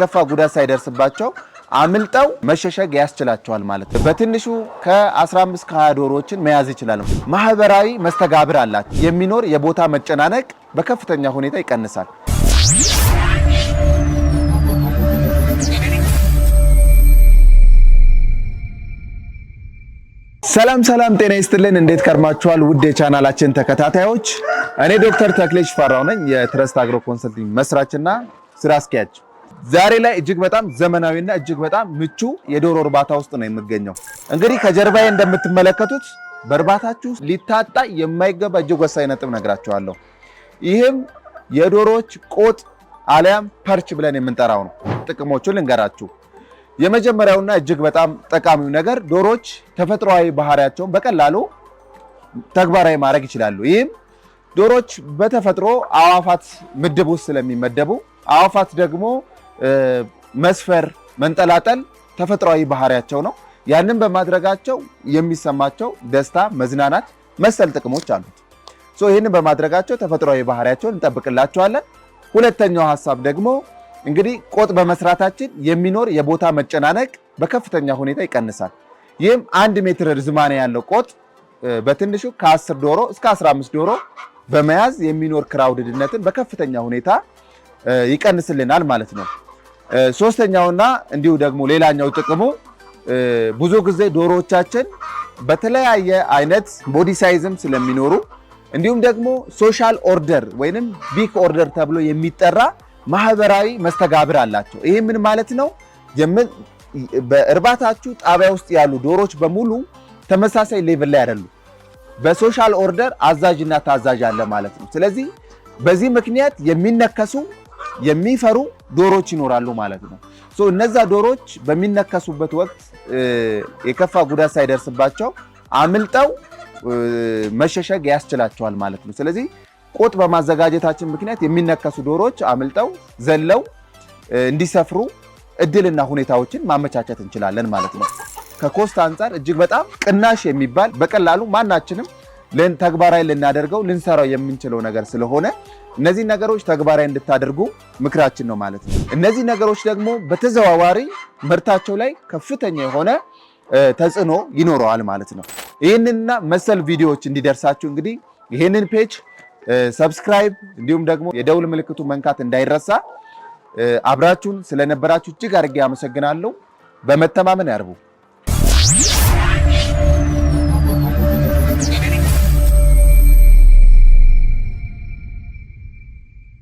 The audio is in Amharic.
የከፋ ጉዳት ሳይደርስባቸው አምልጠው መሸሸግ ያስችላቸዋል ማለት ነው። በትንሹ ከ15 ከ20 ዶሮዎችን መያዝ ይችላል። ማህበራዊ መስተጋብር አላት። የሚኖር የቦታ መጨናነቅ በከፍተኛ ሁኔታ ይቀንሳል። ሰላም ሰላም፣ ጤና ይስጥልን። እንዴት ከርማችኋል? ውድ የቻናላችን ተከታታዮች፣ እኔ ዶክተር ተክሌ ሽፈራው ነኝ የትረስት አግሮ ኮንሰልቲንግ መስራችና ስራ አስኪያጅ ዛሬ ላይ እጅግ በጣም ዘመናዊና እጅግ በጣም ምቹ የዶሮ እርባታ ውስጥ ነው የምገኘው። እንግዲህ ከጀርባዬ እንደምትመለከቱት በእርባታችሁ ሊታጣ የማይገባ እጅግ ወሳኝ ነጥብ ነግራችኋለሁ። ይህም የዶሮዎች ቆጥ አሊያም ፐርች ብለን የምንጠራው ነው። ጥቅሞቹን ልንገራችሁ። የመጀመሪያውና እጅግ በጣም ጠቃሚው ነገር ዶሮዎች ተፈጥሯዊ ባህሪያቸውን በቀላሉ ተግባራዊ ማድረግ ይችላሉ። ይህም ዶሮዎች በተፈጥሮ አዋፋት ምድብ ውስጥ ስለሚመደቡ አዋፋት ደግሞ መስፈር፣ መንጠላጠል ተፈጥሯዊ ባህሪያቸው ነው። ያንን በማድረጋቸው የሚሰማቸው ደስታ፣ መዝናናት መሰል ጥቅሞች አሉት። ይህንን በማድረጋቸው ተፈጥሯዊ ባህሪያቸውን እንጠብቅላቸዋለን። ሁለተኛው ሀሳብ ደግሞ እንግዲህ ቆጥ በመስራታችን የሚኖር የቦታ መጨናነቅ በከፍተኛ ሁኔታ ይቀንሳል። ይህም አንድ ሜትር ርዝማኔ ያለው ቆጥ በትንሹ ከ10 ዶሮ እስከ 15 ዶሮ በመያዝ የሚኖር ክራውድድነትን በከፍተኛ ሁኔታ ይቀንስልናል ማለት ነው። ሶስተኛውና እንዲሁ ደግሞ ሌላኛው ጥቅሙ ብዙ ጊዜ ዶሮዎቻችን በተለያየ አይነት ቦዲ ሳይዝም ስለሚኖሩ እንዲሁም ደግሞ ሶሻል ኦርደር ወይንም ቢክ ኦርደር ተብሎ የሚጠራ ማህበራዊ መስተጋብር አላቸው። ይህ ምን ማለት ነው? በእርባታችሁ ጣቢያ ውስጥ ያሉ ዶሮች በሙሉ ተመሳሳይ ሌቭል ላይ አይደሉም። በሶሻል ኦርደር አዛዥና ታዛዥ አለ ማለት ነው። ስለዚህ በዚህ ምክንያት የሚነከሱ የሚፈሩ ዶሮዎች ይኖራሉ ማለት ነው። እነዛ ዶሮዎች በሚነከሱበት ወቅት የከፋ ጉዳት ሳይደርስባቸው አምልጠው መሸሸግ ያስችላቸዋል ማለት ነው። ስለዚህ ቁጥ በማዘጋጀታችን ምክንያት የሚነከሱ ዶሮዎች አምልጠው ዘለው እንዲሰፍሩ እድልና ሁኔታዎችን ማመቻቸት እንችላለን ማለት ነው። ከኮስት አንጻር እጅግ በጣም ቅናሽ የሚባል በቀላሉ ማናችንም ተግባራዊ ልናደርገው ልንሰራው የምንችለው ነገር ስለሆነ እነዚህ ነገሮች ተግባራዊ እንድታደርጉ ምክራችን ነው ማለት ነው። እነዚህ ነገሮች ደግሞ በተዘዋዋሪ ምርታቸው ላይ ከፍተኛ የሆነ ተጽዕኖ ይኖረዋል ማለት ነው። ይህንንና መሰል ቪዲዮዎች እንዲደርሳችሁ እንግዲህ ይህንን ፔጅ ሰብስክራይብ፣ እንዲሁም ደግሞ የደውል ምልክቱ መንካት እንዳይረሳ። አብራችሁን ስለነበራችሁ እጅግ አድርጌ አመሰግናለሁ። በመተማመን ያርቡ።